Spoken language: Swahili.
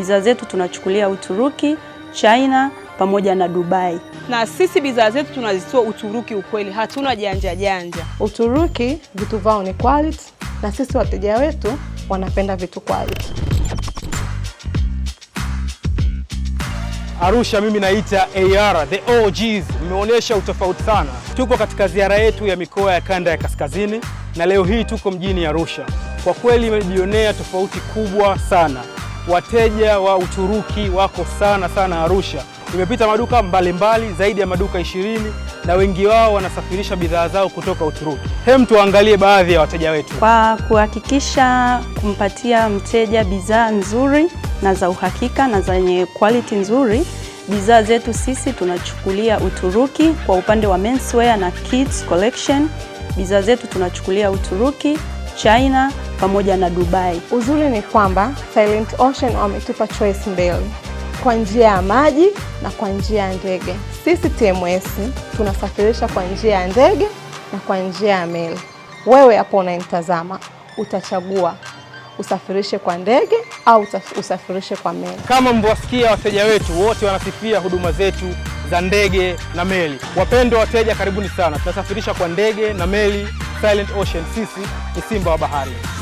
Bidhaa zetu tunachukulia Uturuki, China pamoja na Dubai, na sisi bidhaa zetu tunazitoa Uturuki. Ukweli hatuna janja janja. Uturuki vitu vao ni quality, na sisi wateja wetu wanapenda vitu quality. Arusha, mimi naita AR the OGs, mmeonyesha utofauti sana. Tuko katika ziara yetu ya mikoa ya kanda ya kaskazini, na leo hii tuko mjini Arusha. Kwa kweli mmejionea tofauti kubwa sana. Wateja wa Uturuki wako sana sana Arusha. imepita maduka mbalimbali mbali, zaidi ya maduka ishirini na wengi wao wanasafirisha bidhaa zao kutoka Uturuki. Hem, tuangalie baadhi ya wateja wetu kwa kuhakikisha kumpatia mteja bidhaa nzuri na za uhakika na zenye quality nzuri. Bidhaa zetu sisi tunachukulia Uturuki kwa upande wa menswear na kids collection. Bidhaa zetu tunachukulia Uturuki, China pamoja na Dubai. Uzuri ni kwamba Silent Ocean wametupa choice mbili kwa njia ya maji na kwa njia ya ndege. Sisi TMS tunasafirisha kwa njia ya ndege na kwa njia ya meli. Wewe hapo unanitazama, utachagua usafirishe kwa ndege au usafirishe kwa meli. Kama mlivyowasikia wateja wetu wote wanasifia huduma zetu za ndege na meli. Wapendwa wateja, karibuni sana. Tunasafirisha kwa ndege na meli. Silent Ocean, sisi ni simba wa bahari.